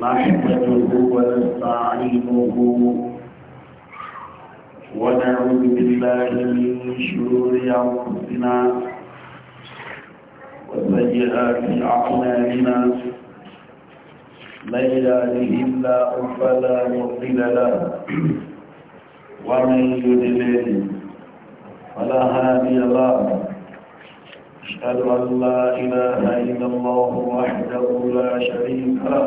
نحمده ونستعينه ونعوذ بالله من شرور انفسنا وسيئات اعمالنا من يهده الله فلا مضل له ومن يضلل فلا هادي له اشهد ان لا اله الا الله وحده لا شريك له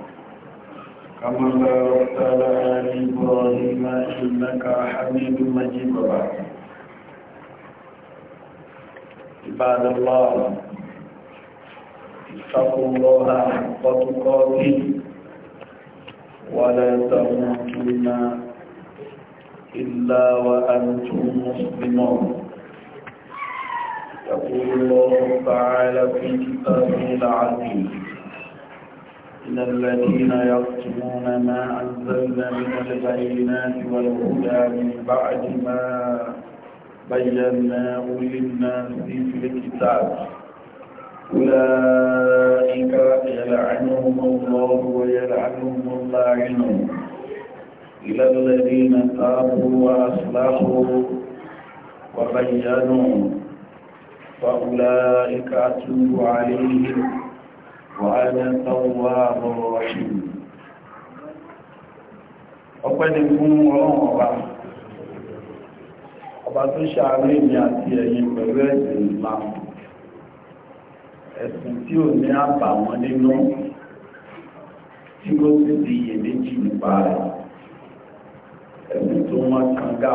كما باركت على آل إبراهيم إنك حميد مجيد وبعد عباد الله اتقوا الله حق تقاته ولا تموتن إلا وأنتم مسلمون يقول الله تعالى في كتابه العزيز إن الذين يرتمون ما أنزلنا من البينات والهدى من بعد ما بيناه للناس في الكتاب أولئك يلعنهم الله ويلعنهم اللاعنون إلى الذين تابوا وأصلحوا وبينوا فأولئك أتوب عليهم وأنا تواب رحيم ọpẹ́ ni fún ọlọ́run ọba ọba tó ṣàárẹ̀ èmi àti ẹ̀yin pẹ̀lú ẹ̀sìn Islam ẹ̀sìn tí ò ní àbàwọ́n nínú tí kò sì di iyèméjì nípa rẹ̀ ẹ̀sìn tó wọ́n kan gá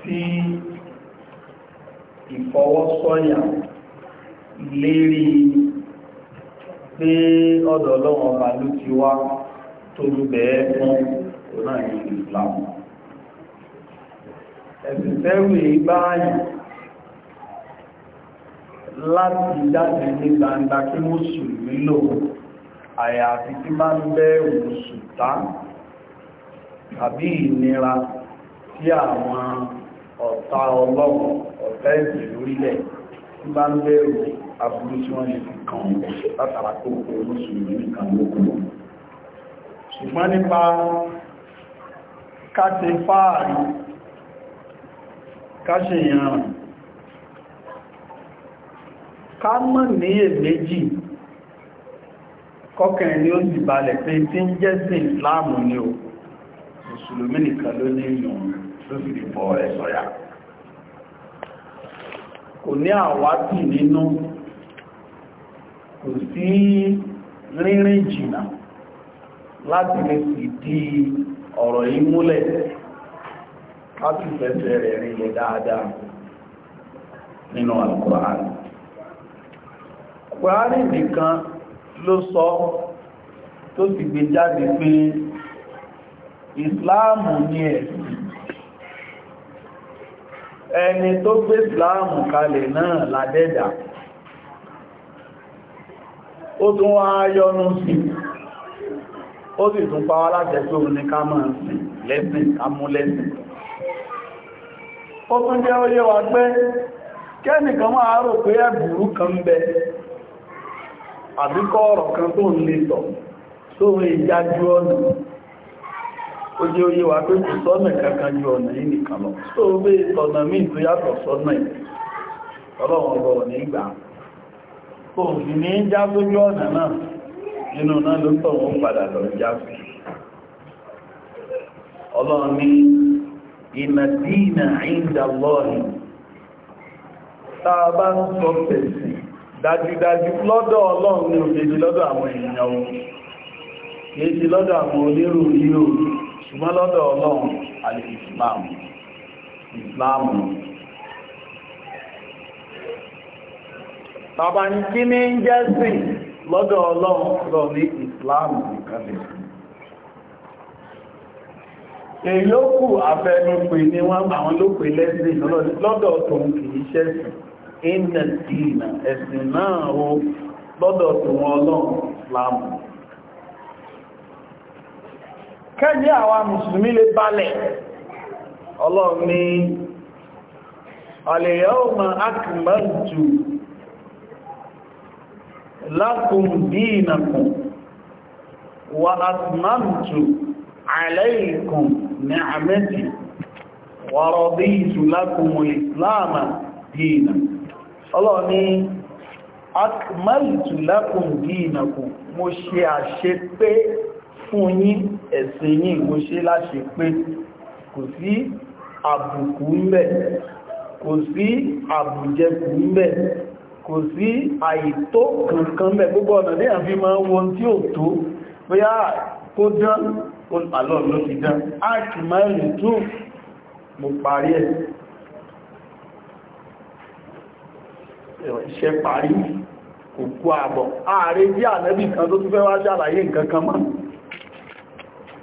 tí ìfọwọ́sọ̀yà lérí pé ọ̀dọ̀ ọlọ́run ọba ló ti wá tó ń bẹ̀ẹ́ fún ọ̀nà ìsìlámù ẹ̀sìn fẹ́rù èyí báyìí láti jáde ní gbangba kí mùsùlùmí lò àyàfi tí máa ń bẹ̀rù sùtá tàbí ìnira tí àwọn ọ̀tá ọlọ́run ọ̀tá ẹ̀sìn lórílẹ̀ yìí ń bá ń bẹ̀rù aburú tí wọ́n lè fi kàn látara tó kòrò sùúrù nìkan lókùn ṣùgbọ́n nípa káṣe fáàrí káṣe ìrìnrìn ká mọ̀ níyè méjì kọkẹ̀rin ni ó sì balẹ̀ pé tí ń jẹ́ sí ìsìláàmù ni ó mùsùlùmí nìkan ló ní ìyọ̀n ló sì dìbò ẹ̀sọ̀yà kò ní àwátì nínú kò sí rínrìn jìnnà láti lè sì di ọ̀rọ̀ yìí múlẹ̀ láti fẹ́fẹ́ rẹ̀ rinlẹ̀ dáadáa nínú alkùránì kùránì nìkan ló sọ tó ti gbé jáde pé ìsìláàmù ni ẹ̀sìn ẹni tó gbé ìsìláàmù kalẹ̀ náà ládẹ́dà ó tún wá yọ́nú sí ó sì tún pa wá láti ẹ̀sùn ní ká mọ̀ sí lẹ́sìn kámú lẹ́sìn ó tún jẹ́ ó yé wa pé kẹ́nìkan máa rò pé ẹ̀bùrú kan bẹ àbíkọ́ ọ̀rọ̀ kan tó ń lè sọ sóhun ìjájú ọ̀nà ó jẹ́ wa pé kò sọ́nà kankan ju ọ̀nà yìí lọ tó o bẹ́ ọ̀nà to tó yàtọ̀ sọ́nà yìí ọlọ́run ọba ò ní gbà kò sì ní já sójú na náà inú náà ló padà lọ já sí ọlọ́run ní ìnà dínà ìdà lọ́rin tá a bá ṣùgbọ́n lọ́dọ̀ ọlọ́run àti islam islam tàbá ní kí ní ń jẹ́ sí lọ́dọ̀ ọlọ́run lọ ní islam nìkanlẹ̀ èyókù afẹnupè ni wọ́n àwọn lópè lẹ́sìn lọ́dọ̀ tòun kìí ṣẹ́sìn ìnà ìnà ẹ̀sìn náà o lọ́dọ̀ tòun ọlọ́run islam kẹ́ni àwa mùsùlùmí lè balẹ̀ ọlọ́run ní al-yawma akmaltu lakum dinakum wa atmamtu alaykum ni'mati wa raditu lakum al-islam dinan ọlọ́run ní akmaltu lakum dinakum mo ṣe àṣepé fún yín ẹ̀sìn yín kò ṣe láṣe pé kò sí àbùkù ń bẹ̀ kò sí àbùjẹkù ń bẹ̀ kò sí àìtó kankan bẹ̀ gbogbo ọ̀nà ní àfi máa wọn tí ò tó bóyá kó dán alọ́ ló ti dán áàkì mẹ́rin tún mo parí ẹ̀ iṣẹ́ parí kò kú àbọ̀ ààrẹ bí ànẹ́bì kan tó tún fẹ́ wá ṣàlàyé nǹkan kan mọ́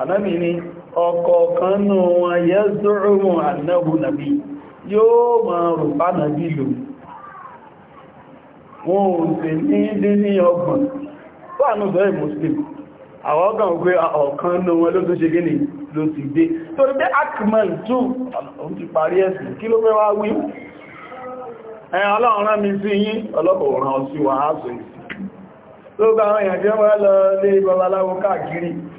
ànábì ni ọ̀kọ̀ọ̀kan nù wọn yẹ́ zọ́rọ̀mù ànábù nàbí yóò máa rò bá nàbí lò wọn ò sì ní dé ní ọgbọ̀n fáànù bẹ́ẹ̀ muslim àwọn ọgbọ̀n pé ọ̀kan nù wọn ló tó ṣe gíní ló ti dé torí pé akmal 2 ọ̀hún ti parí ẹ̀sìn kí ló fẹ́ wá wí ẹ̀yàn ọlọ́run rán tó gbà àwọn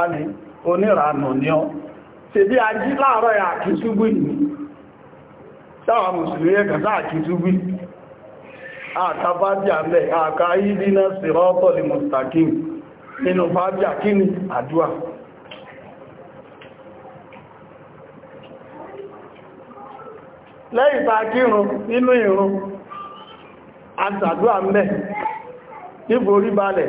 àmì oníranù ní ọ ṣe bí ají láàárọ̀ ẹ̀ àkìtúgbì ní sáwọn mùsùlùmí ẹ̀kà sáàkìtúgbì àkàfájà mẹ́ àkà ìdínà sírọ́tọ̀ lè mustaqim nínú fájà kí ni àdúà lẹ́yìn bá balẹ̀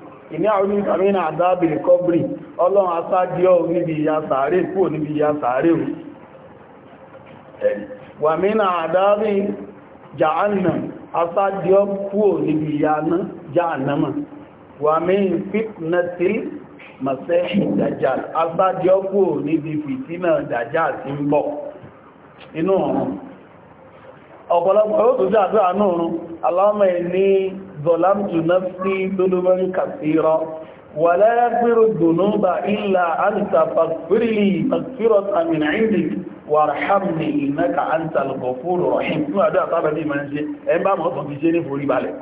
ìní àwọn ìkàmínà àdábìrì kọ́bìrì ọlọ́run asájíọ́ níbi ìyà sàárè kúrò níbi ìyà sàárè wà mínà jàánà asájíọ́ kúrò níbi ìyà jàánàmà wà mín fitnati masẹ́hì dàjá asájíọ́ kúrò níbi fìtínà ń bọ̀ inú ọ̀pọ̀lọpọ̀ ظلمت نفسي ظلما كثيرا ولا يغفر الذنوب إلا أنت فاغفر لي مغفرة من عندك وارحمني إنك أنت الغفور الرحيم ní àdá àtàbà ní ìmọ̀ ṣe ẹgbà mọ́ ọ̀tọ̀ fi ṣe ní forí balẹ̀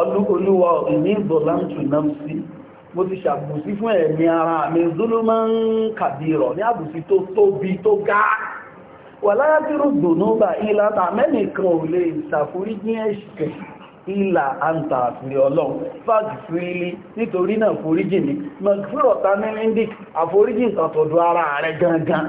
olúwa ní zọlámtù náà sí mo ti ṣàbùsí fún ẹ̀mí ara mi zuluma ń kàbírọ̀ ní àbùsí tó tóbi tó ga wà láyá tí rúgbò náà bá ilá tàmẹ́nìkan ò lè ṣàforí ní ẹ̀ṣẹ̀ ìlà àǹtà àfihàn ọlọ́run fàájì fírílì nítorí náà foríjì ní mcfúrọ̀ ta ní indy àforíjì ìtàtọ̀dọ̀ ara rẹ̀ gangan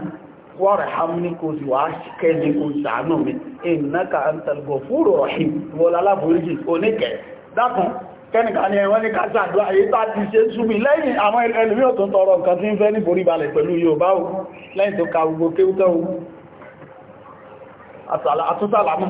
wọ́rẹ̀ hamni kò sí wà kẹ́ni kò sàánù mi ìnáka àǹtàlùgọ̀ fúrò rọ̀hìn wọ́lá aláforíjì oníkẹ̀ dákun kẹ́nìkan ni ẹ̀wọ́n ní kájàdúrà èyí tá ti ṣe súnmí lẹ́yìn àwọn ẹlùmí ọ̀tún tọrọ nǹkan tí ń fẹ́ ní forí balẹ̀ pẹ̀lú Yorùbá o lẹ́yìn tó ka gbogbo kéwútọ́ o àtúntàlámọ́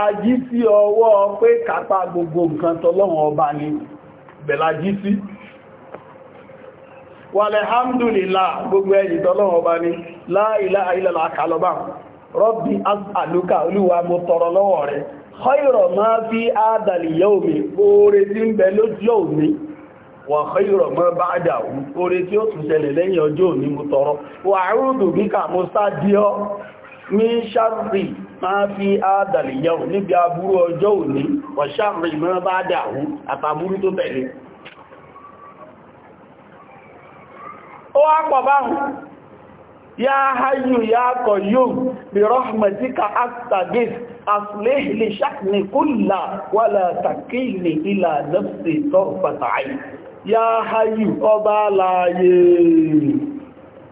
ají sí ọwọ́ pé kápá gbogbo nǹkan ọba ni bẹ̀lájí sí gbogbo ẹ̀yìn tọ́lọ́wọ́n ọba ni láìlá àìlàlá kàlọ́bà rọ́bí àlúkà olúwa mo tọrọ lọ́wọ́ rẹ̀ fi àdàlì yawmi oore tí ń bẹ lójọ́ òní wà khayra ma ba'dahu oore tí ó tún ṣẹlẹ̀ lẹ́yìn ọjọ́ mi ṣàrì máa fi àádàlìyàwó níbi aburú ọjọ́ òní wà ṣàrì mọ́ bá dàwó àtàbúrú tó tẹ̀lé ó wá pọ̀ báhùn ya hayyu ya qayyum bi rahmatika astagis aslih li shakni kulla wala takilni ila nafsi tarfata ayn ya hayyu ọba láyé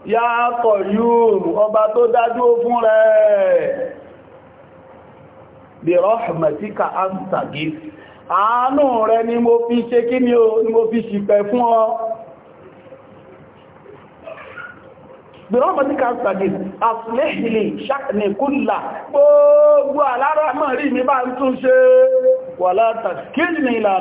ya Qayyum ọba tó dájú fún rẹ̀ bi rahmatika astagif àánú rẹ̀ ni mo fi ṣe kí ni o ni mo fi ṣìpẹ̀ fún ọ bi rahmatika astagif aslih li sha'ni kulla gbogbo alára mọ̀ rí mi bá ń tún ṣe wala takilni ila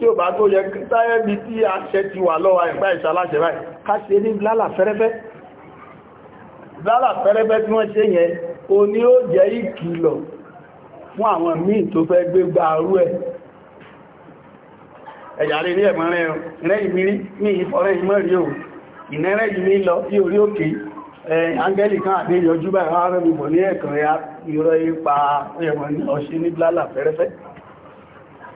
tí ó bá tó yẹ táyẹ́ bí tí àṣẹ ti wà lọ́wọ́ ẹ̀gbá ìṣàláṣẹ báyìí ká ṣe ní lálà fẹ́rẹ́fẹ́ lálà fẹ́rẹ́fẹ́ tí wọ́n ṣe yẹn o ní ó jẹ́ ìkìlọ̀ fún àwọn míì tó fẹ́ gbé gba arú ẹ̀ ẹ̀yà rí rí ẹ̀mọ́ rẹ̀ rẹ̀yìn mi rí o ìnẹ́rẹ́ yìí ní lọ sí orí òkè áńgẹ́lì kan àti ìyọjú báyìí wọ́n rẹ̀ mi bọ̀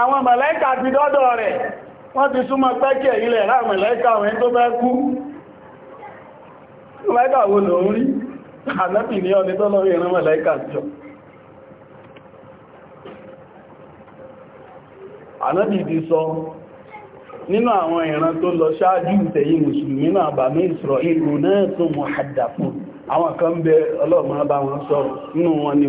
àwọn mẹ̀lẹ́kà ti dọ́dọ̀ rẹ̀ wọ́n ti súnmọ́ pẹ́kẹ̀ ilẹ̀ láwọn mẹ̀lẹ́kà wọ́n tó fẹ́ kú mẹ́lẹ́kà wo lò rí ànẹ́bì ní ọdí tó lọ́rí ìran mẹ̀lẹ́kà jọ ànẹ́bì ti sọ nínú àwọn ìran tó lọ ṣáájú mùsùlùmí náà náà tó mọ̀ àwọn kan bẹ ọlọ́ọ̀mọ́ bá wọn nínú wọn ni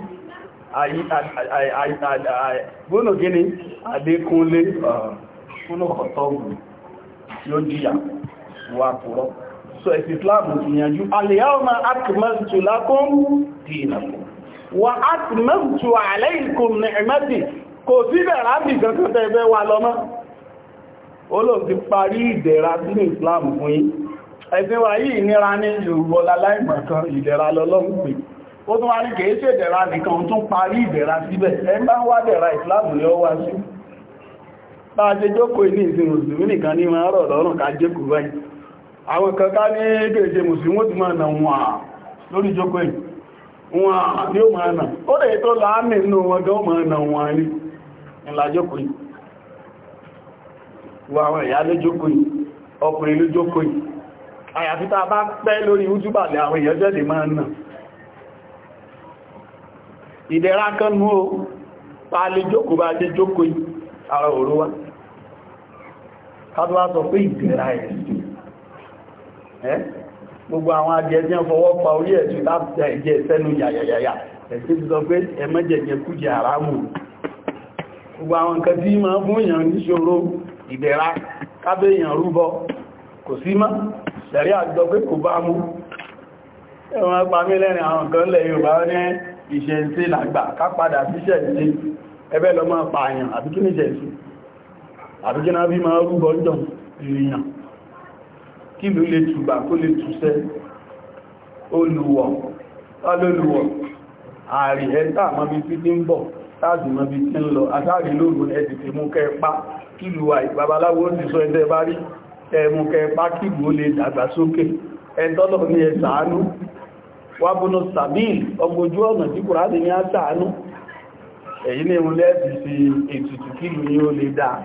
gbónà gíní adékúnlé fúnnà ọ̀tọ́gù tí ó jíyà wà púrọ́ so ẹ̀sì islamu ti yànjú al-yawma akmaltu lakum dinakum wa atmamtu alaykum ni'mati kò sí bẹ̀rẹ̀ ábì kankan wa wà lọ́mọ́ olóòtí parí ìdẹ̀ra sínú islamu fún yí ẹ̀sìn wà yìí nira ní yorùbọ́lá láìmọ̀kan ìdẹ̀ra lọ́lọ́mù ó tún wá ní kìí ṣe ìdẹ̀ra nìkan tún parí ìdẹ̀ra síbẹ̀ ẹ bá ń wá dẹ̀ra ìsìláàmù lé ọwá sí bá a ṣe jókòó ní ìsìn mùsùlùmí nìkan ní wọn rọ̀ lọ́rùn ká jẹ́kù báyìí àwọn kankan ní kéèṣe mùsùlùmí ó ti máa nà wọn lórí jókòó àyàfi tá a bá pẹ́ lórí útúbàlẹ̀ àwọn èèyàn jẹ́ lè máa nà ìdẹ̀ra kan mú o pa lè jókòó bá jẹ́ jókòó ara òru wá kádùwá sọ pé ìdẹ̀ra ẹ̀sìn ẹ́ gbogbo àwọn adìẹ tí wọ́n fọwọ́ pa orí ẹ̀sìn láti ẹ̀jẹ̀ sẹ́nu yàyàyàyà ẹ̀sìn ti sọ pé ẹmẹ́jẹ̀jẹ̀ kújẹ àrámù gbogbo àwọn nǹkan tí ma fún èèyàn níṣòro ìdẹ̀ra kábẹ́ èèyàn rúbọ kò sí mọ́ ṣẹ̀rí àjọ pé kò bá mú ẹ̀wọ̀n pàmílẹ́rin àwọn nǹkan lẹ̀ Yorùbá ní ìṣẹ̀ǹtẹ́ làgbà ká padà sí ṣẹ̀ǹtẹ́ ẹbẹ́ lọ máa pààyàn àbí kí ní ṣẹ̀ǹtẹ́ àbí kí náà bí máa rúbọ jọ ìrìyàn kí ló lè tùbà kó lè tùsẹ́ olùwọ̀ olùwọ̀ ààrì ẹ̀ta àmọ́bí tí tí ń bọ̀ táàdì mọ́bí tí ń lọ àtàrí lóòrùn ẹ̀dì tí mú kẹpa kìlú àì babaláwo ti sọ ẹ̀dẹ́ bá rí ẹ̀mù kẹpa kìlú ó lè dàgbàsókè ẹ̀tọ́lọ̀ ní ẹ̀sàánú wábúnú sabil ọgbójú ọ̀nà tí kùránì ní àtàánú èyí ní ìrùn lẹ́ẹ̀sì sí ètùtù kílù ní ó lè dáa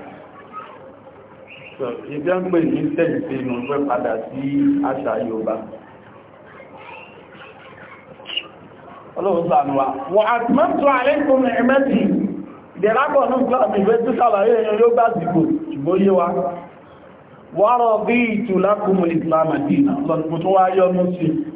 ìbí ń pè ní tẹ́jìtì inú pẹ́ padà sí àṣà Yorùbá ọlọ́run sànúwà wọ́n àtìmọ́tò àríkùn ẹ̀mẹ́tì ìdẹ̀lápọ̀ ní klọ́ọ̀mù ìwé tí sàlàyé èyàn yóò bá dìbò ṣùgbọ́n yé wa wọ́rọ̀ bí ìtùlákùnmù ìtìlámàdì lọ́nà tó wáyé ọmọ sí i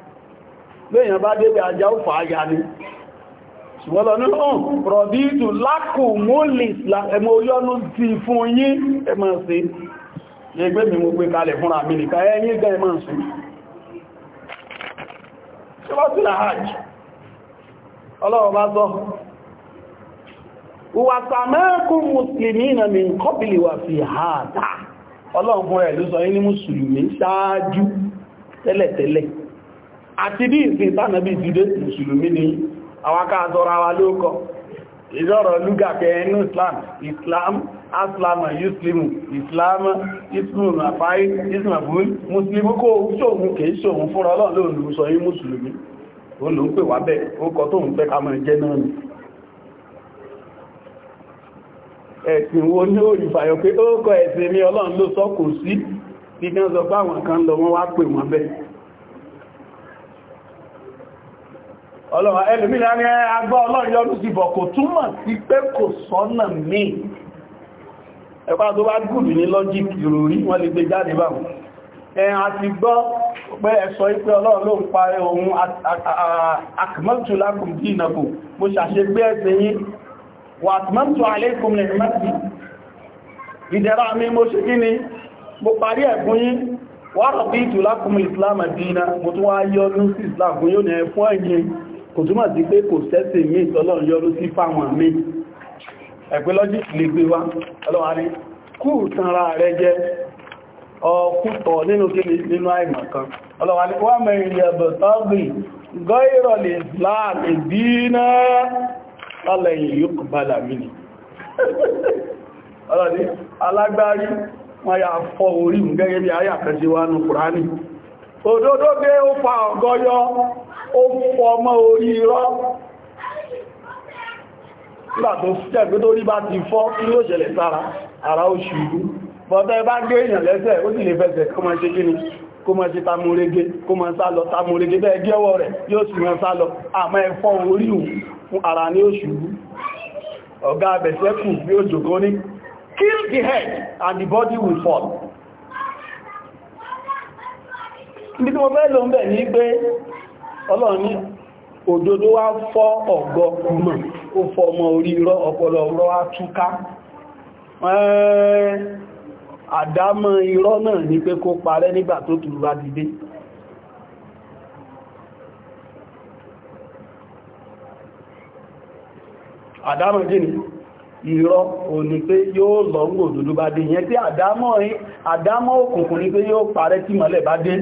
lẹ́yìn bá débẹ̀ ajá ó fà á ya ni ṣùgbọ́n lọ ní ọ̀n rọ̀dídù lákù mólìs ẹmọ oyọ́nú ti fún yín ẹmọ sí ẹgbẹ́ mi mo gbé kalẹ̀ fúnra mi nìka ẹyìn gan ẹmọ sí ṣíwọ́sílá hajj ọlọ́wọ́ bá sọ wàtàmẹ́kùn na mi kọ́bìlì wà fi hàdá ọlọ́run fún ẹ̀ ló sọ yín tẹ́lẹ̀tẹ́lẹ̀ àti bí ìsìn tánàbí jùdé mùsùlùmí ni àwákà àtọ́ra wa lóòkọ ìjọ́rọ̀ lúgàkẹ́ ẹnu islam islam aslam yuslimu islam islam afai islamul muslimu kó ṣòhun kìí ṣòhun fúnra ọlọ́run ló sọ yí mùsùlùmí ó ló ń pè wá bẹ́ẹ̀ ó kọ tó ń fẹ́ ká mọ̀ jẹ́ náà ni ẹ̀sìn wo ní ó ìfàyọ̀ pé ó kọ ẹ̀sìn mi ọlọ́run ló sọ kò sí bí kí wọ́n sọ pé àwọn kan lọ wọ́n wá pè wọ́n bẹ́ẹ̀ ọlọ́run ẹlùmílá ní agbá ọlọ́run yọ́nú sí bọ̀ kò túmọ̀ sí pé kò sọ́nà míì ẹ̀pá tó bá gùnmí ní lọ́jíkì ìròrí wọ́n lè gbé jáde báwọn ẹ̀yàn àti gbọ́ pé ẹ̀sọ́ ipé ọlọ́run ló ń parí ohun akmọ́tù lakum dinakum mo ṣàṣe gbé ẹ̀sẹ̀ yín mo ni mo parí ẹ̀fún yín wà raditu islama dina mo tún wá yọ́nú sí islam fún yóò ní ẹ̀fún ẹ̀yìn kò túnmà sí pé kò sẹ́sì mí ìtọ́lọ́run yọrú sí fáwọn àmì ẹ̀pẹ́ lè gbé wá ọlọ́wárí kú tanra rẹ jẹ́ ọkútọ̀ nínú kíni nínú àìmọ̀kan ọlọ́wárí wà mẹ́rin yẹ̀bọ̀ tọ́gbì gọ́ìrọ̀ ó fọmọ́ orí irọ́ nígbà tó jẹ́ pé tó rí bá ti fọ́ kí ló ṣẹlẹ̀ sára ara ó ṣùgbú bọ́tẹ́ bá gbé èèyàn lẹ́sẹ̀ ó sì lè fẹsẹ̀ kó máa ṣe kí ni kó máa ṣe tamúrégé kó máa sá lọ tamúrégé bẹ́ẹ̀ gẹ́wọ́ rẹ̀ yóò sì máa sá lọ àmọ́ ẹ̀fọ́ orí òun fún ara ní ó ṣùgbú ọ̀gá abẹ̀sẹ́kù bí ó jòkó ní kill the head and the body will fall ibi tí mo fẹ́ lọ ń bẹ̀ ní pé ọlọ́run ní wá fọ́ ọ̀gọ́ mọ̀ ó fọ́ ọmọ orí rọ ọpọlọ rọ́ á túká àdámọ̀ irọ́ náà ní pé kó parẹ́ nígbà tó tùrù bá dìde àdámọ̀ jí ni irọ́ o ní pé yóò lọ ń gòdòdó bá dé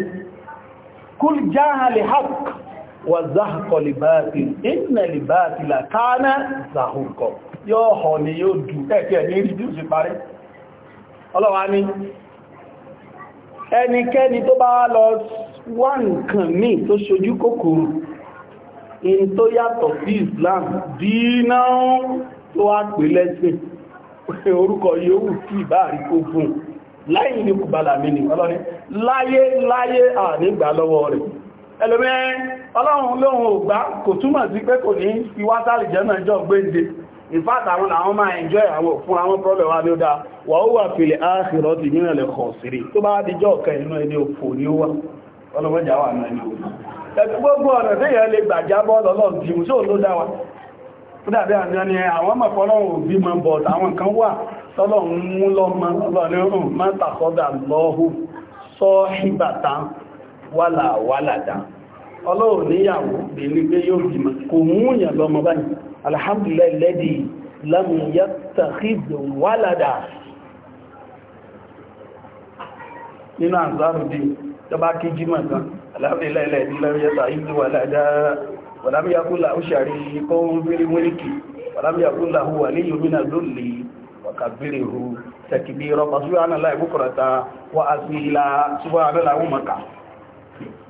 wà záhùkọ̀ lìbáàtì iná lìbáàtì làkánà záhùkọ̀ yóò hàn ní yóò dù ẹ̀kẹ́ ní rí bí ó sì parí ọlọ́wà ní ẹnikẹ́ni tó bá lọ wá nǹkan míì tó ṣojú kòkòrò in tó yàtọ̀ sí Islam dínà tó wá pè lẹ́sìn orúkọ yóò tí ìbá rí kó fún láyé ní kùbàlà mí ni ọlọ́ni láyé láyé à nígbà lọ́wọ́ rẹ̀ ẹlòmí ọlọ́run lóhun ògbá kò túmọ̀ sí pé kò ní iwátàlì jẹ́mọ̀ ẹjọ́ gbéǹde ìfàtàwọn àwọn máa enjoy àwọn fún àwọn problem wà ní ó dá wà ó wà fìlẹ̀ áàkìrọ̀ ti nínú ẹ̀lẹ̀ kọ̀ sírí tó bá díjọ́ ọ̀kẹ́ inú ẹni òfò ní ó wà ọlọ́mọjà wà náà ní òfò ẹgbogbo ọ̀nà tí yẹn lè gbàjá bọ́ọ̀lọ́ lọ́n ti mú sóò ló dáwà fúdàbí àmìyàn ni àwọn mọ̀fọ́lọ́run òbí mọ̀ bọ̀t àwọn wàlà wàlà dá ọlọ́run níyàwó bèèrè pé yóò fi mọ̀ kò múyàn lọ́mọ báyìí alhamdulillah lẹ́dí lam yattakhidh walada nínú àzárùdí tọba kí jí mọ̀ tán alhamdulillah lẹ́dí lam yattakhidh walada walam yakul lahu sharikun fil mulki walam yakul lahu waliyyun min dhulli wa kabbirhu takbira subhanallahi bukratan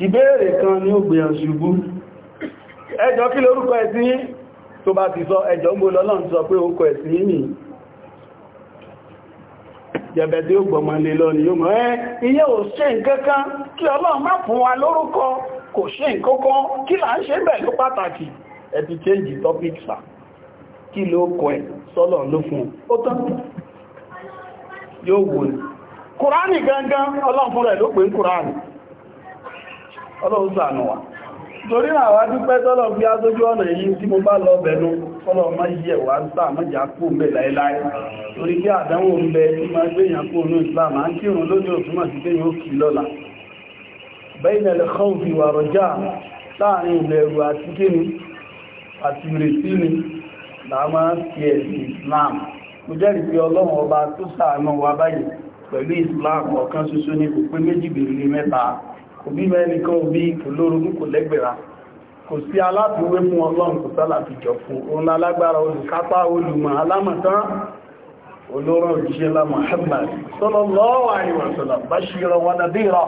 ìbéèrè kan ni ó gbèyàn ṣubú ẹjọ́ kí lórúkọ ẹ̀sìn yín tó bá ti sọ ẹjọ́ ń bó lọ́lọ́n sọ pé ó kọ ẹ̀sìn yín nìyí jẹ̀bẹ̀ tí ó gbọmọ lè lọ ni yóò mọ̀ ẹ́ iye ò ṣe nǹkankan kí ọlọ́run má fún wa lórúkọ kò ṣe nǹkankan kí là ń ṣe bẹ̀ ló pàtàkì ẹ ti change topic sà kí ló kọ ẹ̀ sọ́lọ̀ ló fún ó tán yóò wò ní kùránì gangan ọlọ́run fún rẹ̀ ló pè ń kùránì ọlọ́run ṣàánú wa torí àwọn adúpẹ́ tọ́lọ̀ bí a tójú ọ̀nà èyí tí mo bá lọ bẹ̀nu tọ́lọ̀ má yẹ wà sáàmọ́jà kú mẹ́ láíláí torí bí àdánwò ń bẹ tí ma gbéyàn kú ní Islam a ń kírun lójú òtúmọ̀ sí pé yóò kì lọ́la bẹ́ẹ̀nẹ̀lẹ̀ kọ́ọ̀fì wà rọjá láàrin ìbẹ̀rù àti kíni mo jẹ́rìí pé ọlọ́run ọba tó ṣàánú wa báyìí pẹ̀lú Islam ọ̀kan ṣoṣo ní kò pé méjì bèèrè mẹ́ta kò bí mẹ́nìkan òbí kò lórogún kò lẹ́gbẹ̀ra kò sí aláfiwé fún ọlọ́run kò sálàfi jọ fún òun lálágbára olùkápá olùmọ̀ alámọ̀tán olóró òjíṣẹ́lá Muhammad sallallahu alaihi wasallam bashiran wa nadira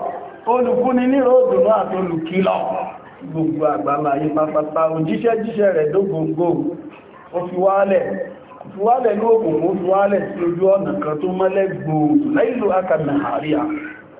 olùkúni ní ròdùnú àti olùkílọ̀ gbogbo àgbàmà yí pápátá òjíṣẹ́ jíṣẹ́ rẹ̀ dógóngó ó fi wálẹ̀ fi wálẹ̀ ní òkùnkùn ó fi wálẹ̀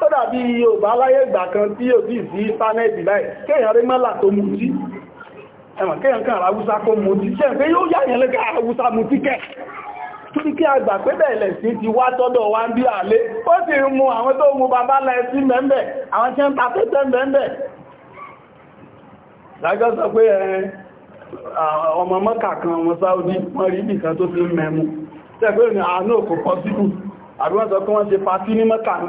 tó dàbí Yorùbá láyé ìgbà kan tí yóò bí sí ìntánẹ́ẹ̀tì láì kéèyàn rí mọ́là tó mu jí ẹ̀wọ̀n kéèyàn kan àwúsá kó mu jí ṣe pé yóò yá yẹn lẹ́kẹ́ àwúsá mu tíkẹ́ torí kí àgbà pé bẹ̀ẹ̀lẹ̀ sí ti wá tọ́dọ̀ wá ń bí àlé ó sì ń mu àwọn tó mu bàbá láì sí mẹ́mbẹ̀ àwọn tí ń ta tẹ́tẹ́ mẹ́mbẹ̀ lájọ́ sọ pé ọmọ mọ́kà kan ọmọ Sáúdí wọ́n rí nìkan tó ti ń mẹ́mu tẹ́gbẹ́ ìrìn àánú òkú pọ̀ síbù àbí wọ́n sọ pé wọ́n ṣe patí ní mọ́kà ń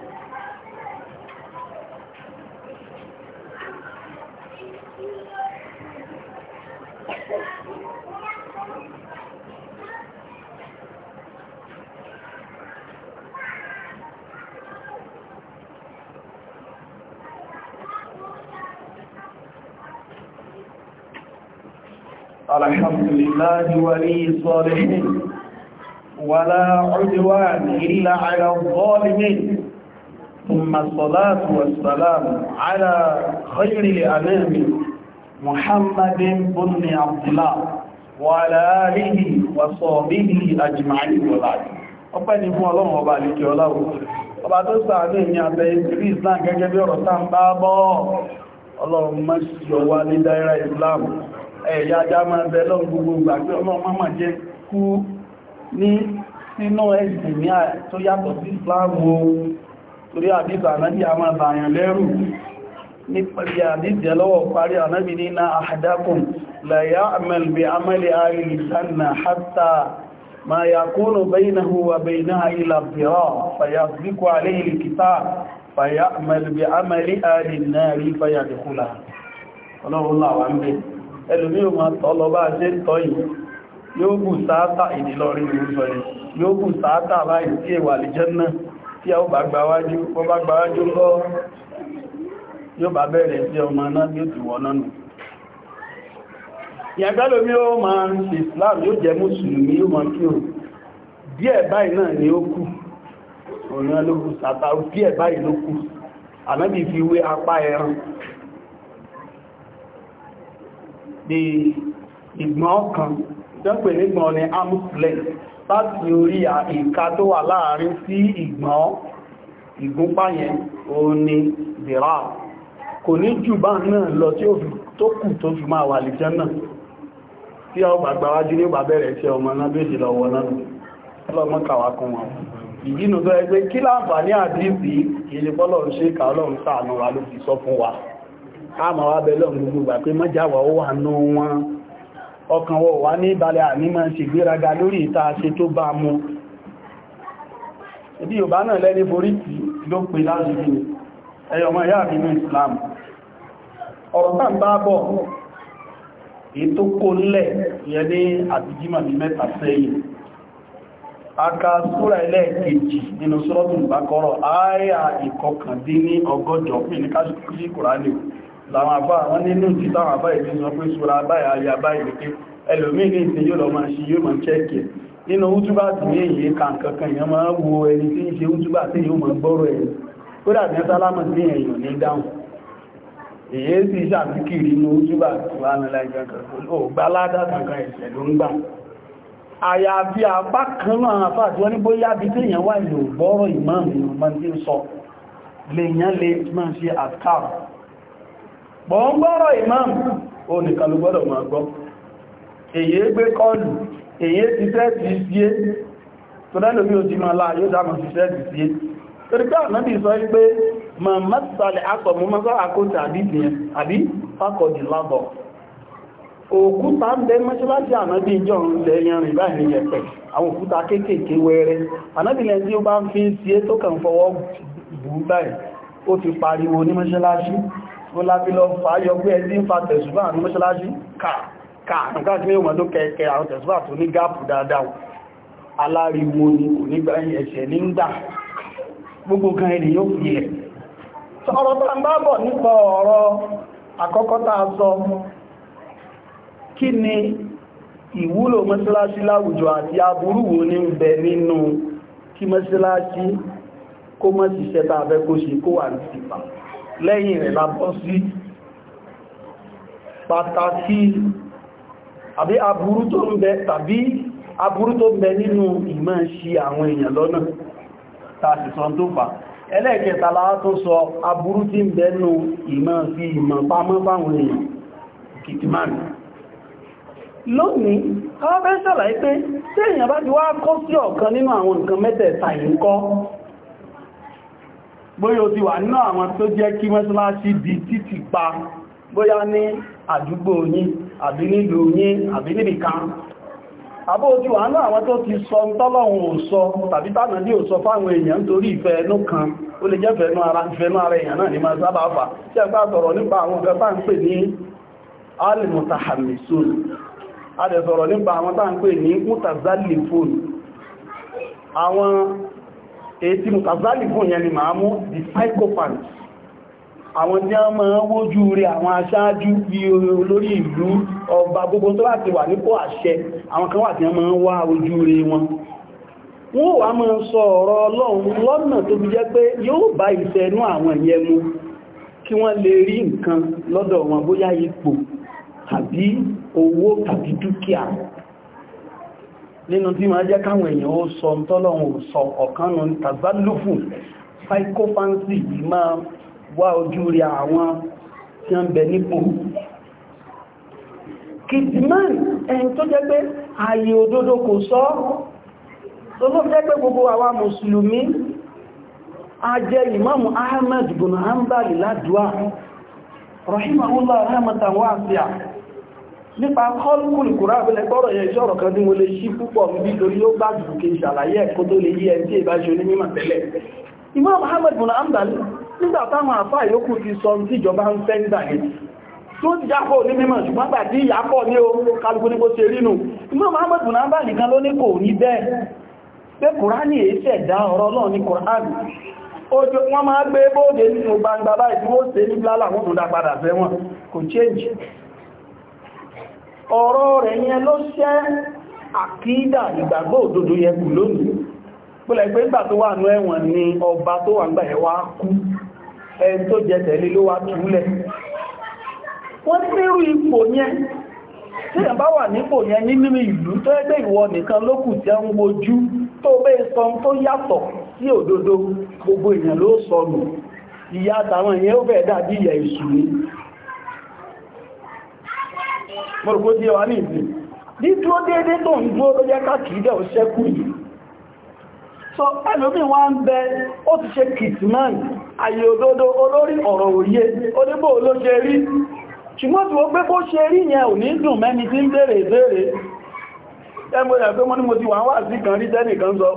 الحمد لله ولي الصالحين ولا عدوان إلا على الظالمين ثم الصلاة والسلام على خير الأنام محمد بن عبد الله وعلى آله وصحبه أجمعين وبعد ọpẹ́ ni fún ọlọ́run ọba àlìkẹ́ ọláwọ̀ ọba tó sàánú ní àbẹ̀ ìsìrí islam gẹ́gẹ́ bí ọ̀rọ̀ sáà bá bọ́ ọlọ́run mọ́ sí ọwá ní dáírà islam ẹ̀yà dámà bẹ̀lọ́ gbogbo ìgbà pé ọlọ́mọ́mọ́ jẹ́ kú ní sínú ẹ̀sìn ní tó yàtọ̀ sí Islam o torí àdíbà ànábì a máa bàyàn lẹ́rù nípàdé àdíbì ẹlọ́wọ̀ parí ànábì ní na ahadakum la Ọlọ́run láwàá ń bẹ̀rẹ̀ ẹlòmí o máa tọ́ lọ bá ṣe ń tọ́ yìí yóò bù sáátà ìdílọrí ìrúsọ yìí yóò bù sáátà láì sí èwà àlìjẹ́nà tí a ó bá gbáwájú wọ́n bá gbáwájú lọ yóò bá bẹ̀rẹ̀ sí ọmọ náà yóò ti wọ́n náà ìyàgbẹ́lòmí o máa ń ṣe Islam yóò jẹ́ mùsùlùmí yóò máa kí o díẹ̀ báyìí náà ni ó kù òun ló kù sáátà díẹ̀ báyìí ló kù ànábì fi wé apá ẹran di ìgbọ̀n ọkàn jọ́pẹ̀ nígbọ̀n ni amuslet láti orí ìka tó wà láàrin sí ìgbọ̀n ìgúnpá yẹn ó ní dìrá kò ní jù bá náà lọ tí ó tó kù tó fi máa wà lè jẹ́nà tí ọ gbàgbàwájú ní bàbẹ̀rẹ̀ tí ọmọ náà bèèrè lọ́wọ́ náà ọlọ́mọ́kàwà kan wọn ìdínú tó ẹgbẹ́ kí láǹfà ní àdíìsì ìlépọ́lọ̀ ń ṣe kà ọlọ́run sáà náà wà ló fi sọ fún wa àmà wá bẹ̀lọ́ gbogbo gbà pé mọ́jáwà ó wà nú wọn ọkàn wọ wá ní ìbàlẹ̀ ànímọ̀ ṣègbéraga lórí ìta ṣe tó bá mú ìdí Yorùbá náà lẹ́ni borí tí ló pè láti bí ẹyọmọ ìyá àbínú Islam ọ̀rọ̀ tàn bá bọ̀ èyí tó kó lẹ̀ yẹ ní àbíjímọ̀ ní mẹ́ta sẹ́yìn aka súra ẹlẹ́ẹ̀kejì nínú sọ́rọ̀tún ìbákọ́rọ̀ ayà ìkọkàndínní ọgọ́jọ pín ní káṣùkú sí kùránì láwọn àbá àwọn nínú ti táwọn àbá ìlú sọ pé ṣúra báyìí ayà báyìí wípé ẹlòmí ní ìsìn yóò lọ máa ṣe yóò máa chẹ́kì nínú útúbà tí ní èyí kàǹkankan èèyàn máa wo ẹni tí ń ṣe útúbà tí yóò máa gbọ́rọ̀ ẹ̀ ó dàbí sálámà sí èèyàn ní dáhùn èyí sì ṣàbíkìrì inú útúbà tí wà ní láìjọ́kàn ó gbá ládá kankan ẹ̀ṣẹ̀ ló ń gbà àyàfi àpá kan náà àfà tí wọ́n ní bóyá bí tí èèyàn wà ìlò gbọ́rọ̀ ìmáàmù ìmọ̀ tí ń sọ lèèyàn lè máa ṣe àkàrà bọ̀ ń gbọ́rọ̀ imam ó nìkan ló gbọ́dọ̀ máa gbọ́ èyí gbé kọlù èyí ti sẹ́ẹ̀tì síé tó lẹ́lò bí o ti máa láàá yóò dámà ti sẹ́ẹ̀tì síé torí pé ànábì sọ pé ma mẹ́sàlẹ̀ akọ̀ mú mọ́sá àkóta àbí fákọ̀dì lábọ̀ òkúta ń bẹ mọ́ṣáláṣí ànábì ìjọ ń lẹ yanrìn báyìí ní ẹ̀pẹ̀ àwọn òkúta kéékèèké wẹ́rẹ́ ànábì lẹ́n tí ó bá ń fi síé tó kàn fọwọ́ bú báyìí ó ti pariwo ní mọ́ṣáláṣí mo lábí lọ fàáyọ pé ẹdí ń fa tẹ̀sùbá ní mọ́ṣáláṣí káà nǹkan tí ó mọ̀ tó kẹ́ẹ̀kẹ́ àwọn tẹ̀sùbá tó ní gáàpù dáadáa aláriwo ni kò nígbà ẹ̀ṣẹ̀ ní ń gbà gbogbo kan ènìyàn yóò fi ẹ̀ ọ̀rọ̀ tá ń bá bọ̀ nípa ọ̀rọ̀ àkọ́kọ́ tá a sọ kí ni ìwúlò mọ́ṣáláṣí láwùjọ àti aburú wo ní ń bẹ nínú kí mọ́ṣáláṣí kó mọ́ ṣiṣẹ́ tá a fẹ́ kó ṣe kó wà ní sípa lẹ́yìn rẹ̀ lábọ́ sí pàtàkì àbí aburú tó ń bẹ tàbí aburú tó ń bẹ nínú ìmọ̀ ṣì àwọn èèyàn lọ́nà tàbí sọ tó fà ẹlẹ́ẹ̀kẹta láwá tó sọ aburú tí ń bẹ nínú ìmọ̀ sí ìmọ̀ pamọ́ fáwọn èèyàn kìtìmáàmì lónìí káwọ́ fẹ́ sàlàyé bóyá o ti wà nínú àwọn tó jẹ́ kí mọ́sálásí di títì pa bóyá ní àdúgbò yín àbí nílùú yín àbí níbìkan àbó ojú nínú àwọn tó ti sọ tọ́lọ̀hun ò sọ tàbí tánà ní ò sọ fáwọn èèyàn nítorí ìfẹ́ ẹnú kan ó lè a èyí tí mùkàzálì fún yẹn ni màá mú the psychopath àwọn tí wọ́n máa wójú rí àwọn aṣáájú bí olórí ìlú ọba gbogbo tó láti wà nípò àṣẹ àwọn kan wà tí wọ́n máa wá ojú rí wọn wọ́n wà máa sọ ọ̀rọ̀ ọlọ́run lọ́nà tó fi jẹ́ pé yóò bá ìfẹ́nú àwọn ìyẹn mu kí wọ́n lè rí nǹkan lọ́dọ̀ wọn bóyá ipò tàbí owó tàbí dúkìá nínú tí máa jẹ́ káwọn èèyàn ó sọ tọ́lọ́run ò sọ ọ̀kánu tàbálùfù psychophancy máa wá ojú rí àwọn tí ń bẹ nípò kìtìmán ẹni tó jẹ́ pé ààyè òdodo kò sọ tó ló jẹ́ pé gbogbo àwa mùsùlùmí a jẹ́ ìmáàmù Ahmad bin Hanbali ládùá rahimahullah rahmatan wasi'a nípa kọ́lùkùlù kùrá àbílẹ̀ gbọ́rọ̀ yẹn iṣẹ́ ọ̀rọ̀ kan ní mo lè ṣí púpọ̀ níbi torí ó bá jù kí ìṣàlàyé ẹ̀kọ́ tó lè yí ẹn tí ìbá ṣe onímọ̀ tẹ́lẹ̀ Imam Muhammad bin nígbà sọ tí ìjọba ń fẹ́ nígbà yẹn tó ti jápọ̀ ní mímọ̀ ṣùgbọ́n gbà tí ìyàpọ̀ ní o kálukú ní bó ṣe Imam Muhammad bin nìkan ló ní kò ní bẹ́ẹ̀ pé Kùránì ọ̀rọ̀ náà ní Kùránì ojú máa gbé bóde nínú gbangba báyìí tí ọ̀rọ̀ rẹ̀ yẹn ló ṣẹ́ àkídà ìgbàgbọ́ òdodo yẹ kù lónìí pẹ̀lẹ̀ pé ìgbà tó wà ní ẹ̀wọ̀n ni ọba tó wà gbà ẹ̀wà kú ẹn tó jẹ tẹ̀lé ló wá túlẹ̀ wọ́n nírú ipò yẹn tí ẹ̀ bá yẹn tí ìyá àtàwọn èèyàn ó bẹ̀ dàbí ìyà ìṣù ni mọ̀rùgbó tí wà ní ìlú ní dúró déédé tó ń dúró ló jẹ́ káàkiri dẹ̀ ò ṣẹ́kù yìí so ẹlòmí wá ń bẹ ó ti ṣe kìtìmán ayé òdodo olórí ọ̀rọ̀ òye onígbò ló ṣe rí ṣùgbọ́n tí ó pé bó ṣe rí yẹn ò ní dùn mẹ́ni tí ń béèrè ìbéèrè ẹmọ pé mo ní mo ti wà wà sí kan rí tẹ́nìkan sọ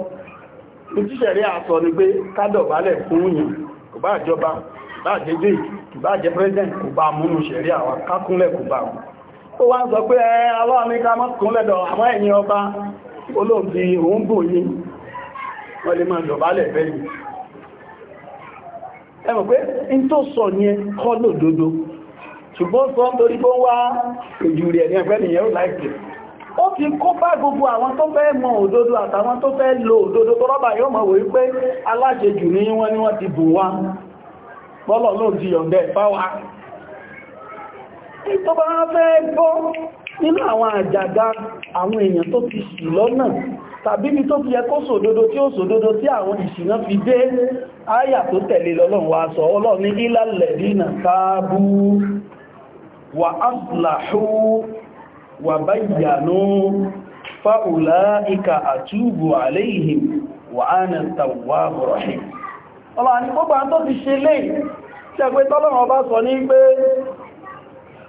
ìtíṣẹ̀rí àsọ ni pé kádọ̀bálẹ̀ fún yìí kò bá ìjọba kò bá jẹ́jẹ́ kò bá jẹ́ president kò bá múnú ṣẹ̀rí àwọn kákúnlẹ̀ kò bá mú ó wá ń sọ pé ẹ aláàmíká mọ́sùkún lẹ́dọ̀ àmọ́ ẹ̀yìn ọba olóòdí òun bò yí wọ́n lè máa jọ̀bálẹ̀ bẹ́yìn ẹ mọ̀ pé in tó sọ yẹn kọ́ lòdodo ṣùgbọ́n sọ torí bó wá ìjù rẹ̀ ní ẹgbẹ́ nìyẹn ó ó ti kó bá gbogbo àwọn tó fẹ́ mọ òdodo àtàwọn tó fẹ́ lo òdodo tó rọ́bà yóò mọ̀ wòye pé aláṣejù ní wọ́n ni wọ́n ti bù wá bọ́lọ̀ lóòdí yọ̀ndẹ̀ fáwàá tó bá fẹ́ gbọ́ nínú àwọn àjàgà àwọn èèyàn tó ti ṣì lọ́nà tàbí ní tó fi ẹkó sòdodo tí ó sòdodo tí àwọn ìṣìná fi dé áyà tó tẹ̀lé lọ́lọ́run wa sọ ọlọ́run ní ìlàlẹ̀dínà káàbù wà áṣìláhú wà báyìyànú fáùlá ikà àtúbù àléìhìm wà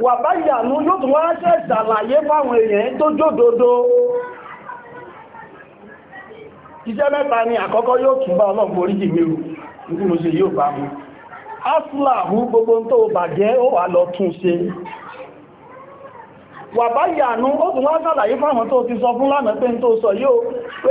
wà ìyànú yóò tún wọ́n ṣe ìsàlàyé fáwọn èèyàn tó jódodo iṣẹ́ mẹ́ta ni àkọ́kọ́ yóò tún bá ọlọ́pù oríjì mẹ́rù nígbùn mo yóò bá mú asláhù gbogbo tó bàjẹ́ ó wà lọ tún ṣe wà ó tún wọ́n ṣàlàyé fáwọn tó ti sọ fún lánàá pé tó sọ yóò pé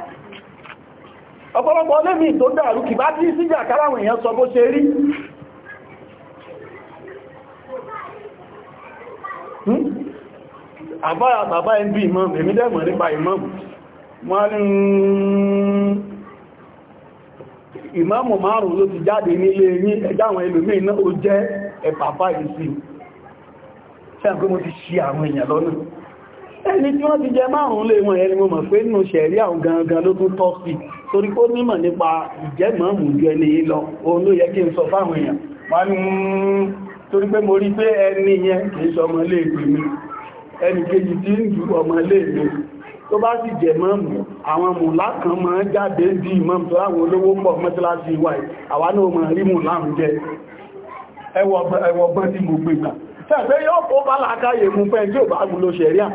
ọ̀pọ̀lọpọ̀ lẹ́mí tó dàrú kì bá tí síjà káláwọn èèyàn sọ bó ṣe rí hmm? àbára bàbá ẹn bí imam èmi dẹ̀mọ̀ nípa imam ìmáàmù márùn-ún ló ti jáde nílé yín ẹjá àwọn ẹlòmí iná ó jẹ́ ẹ̀pàpá ìsì tí a kó mo ti ṣe àwọn èèyàn lọ́nà ẹni tí wọ́n ti jẹ márùn-ún lè wọ́n ẹni mo mọ̀ pé nínú ṣẹ̀rí àwọn gangan ló tún tọ́ sí torí kó nímọ̀ nípa ìjẹ́mọ̀ọ́mù ju ẹni yìí lọ òun ló yẹ kí n sọ fáwọn èèyàn wọ́n ní torí pé mo rí pé ẹni yẹn kìí sọ ọmọ léègbè mi ẹni kejì tí ń ju ọmọ léègbè tó bá sì jẹ àwọn mùlá kan máa ń jáde bí mọ́mù láwọn olówó pọ̀ mọ́tíláṣí wáyé náà máa rí mùlá Ṣẹ̀fẹ́ yóò kó bá làákàyè mú pẹ́ tí ò bá gùn ló ṣẹ̀rí à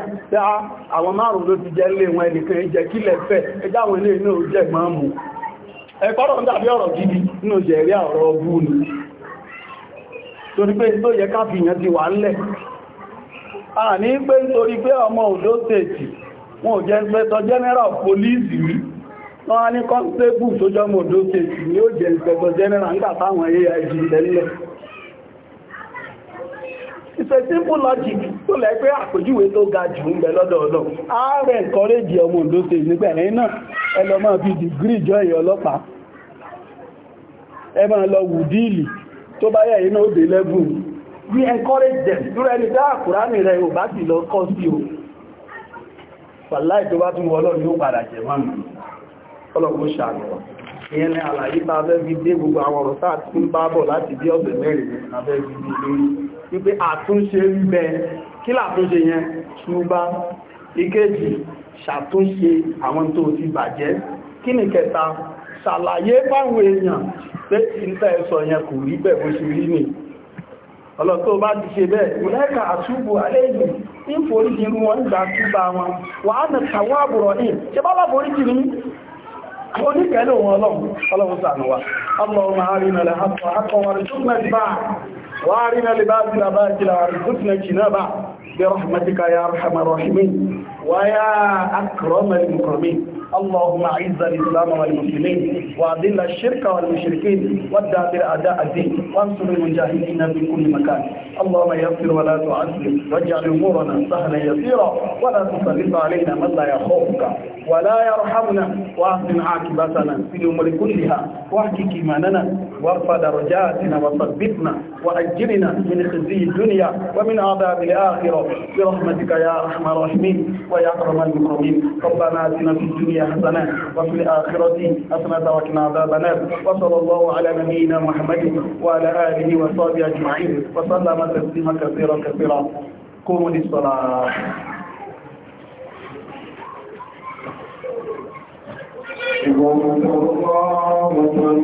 àwọn márùn-ún ló ti jẹ́ lé wọn ẹnìkan ìjẹ́ kílẹ̀ fẹ́ ẹjá ilé inú jẹ́ Ẹ̀kọ́rọ̀ ń ọ̀rọ̀ gidi ọ̀rọ̀ ọgbú ni. Torí pé tó yẹ ti wà ńlẹ̀. wọn Wọ́n á ní tó it's a simple logic So, lẹ́ pé àpèjúwe tó ga jù ń bẹ lọ́dọ̀ ọ̀dọ̀ encourage ìkọ́rẹ́jì ọmọ òdó ṣe nígbà ẹ̀yìn náà ẹ lọ máa fi dìgírì jọ èèyàn ọlọ́pàá ẹ máa lọ wù to tó bá yẹ̀ iná òdè lẹ́gùn we encourage them lórí ẹni tá àkùránì ah, rẹ̀ ò bá sì lọ kọ́ sí o wàláì tó bá tún wọ́lọ́ yóò padà jẹ máa mú ọlọ́gbọ́ ṣàlọ́ ìyẹn ni àlàyé bá fẹ́ fi dé gbogbo àwọn ọ̀rọ̀ sáà tí ń bá bọ̀ láti bí ọ̀sẹ̀ mẹ́rin abẹ́ fi wípé àtúnṣe ń bẹ kí làtúnṣe yẹn túbá ìkejì ṣàtúnṣe àwọn tó ti bàjẹ́ kí ni kẹta ṣàlàyé báwọn èèyàn pé ìta ẹ̀sọ̀ yẹn kò rí bẹ̀ bó ṣe rí nì ọlọ́tọ́ bá ti ṣe bẹ́ẹ̀ àṣúgbò ní wọn ìgbà túbà wọn wà á nà tàwọn ní وارنا لباس الباطل وارزقنا اجتنابه برحمتك يا ارحم الراحمين ويا اكرم المكرمين اللهم اعز الاسلام والمسلمين واذل الشرك والمشركين ودابر اعداء الدين وانصر المجاهدين في كل مكان اللهم يغفر ولا تعذب واجعل امورنا سهلا يسيرا ولا تسلط علينا من لا يخوفك ولا يرحمنا واحسن عاقبتنا في الامور كلها واحكي ايماننا وارفع درجاتنا وثبتنا وأجرنا من خزي الدنيا ومن عذاب الآخرة برحمتك يا أرحم الراحمين ويا أكرم المكرمين ربنا آتنا في الدنيا حسنة وفي الآخرة حسنة وقنا عذاب النار وصلى الله على نبينا محمد وعلى آله وصحبه أجمعين وسلم تسليما كثيرا كثيرا قوموا للصلاة الله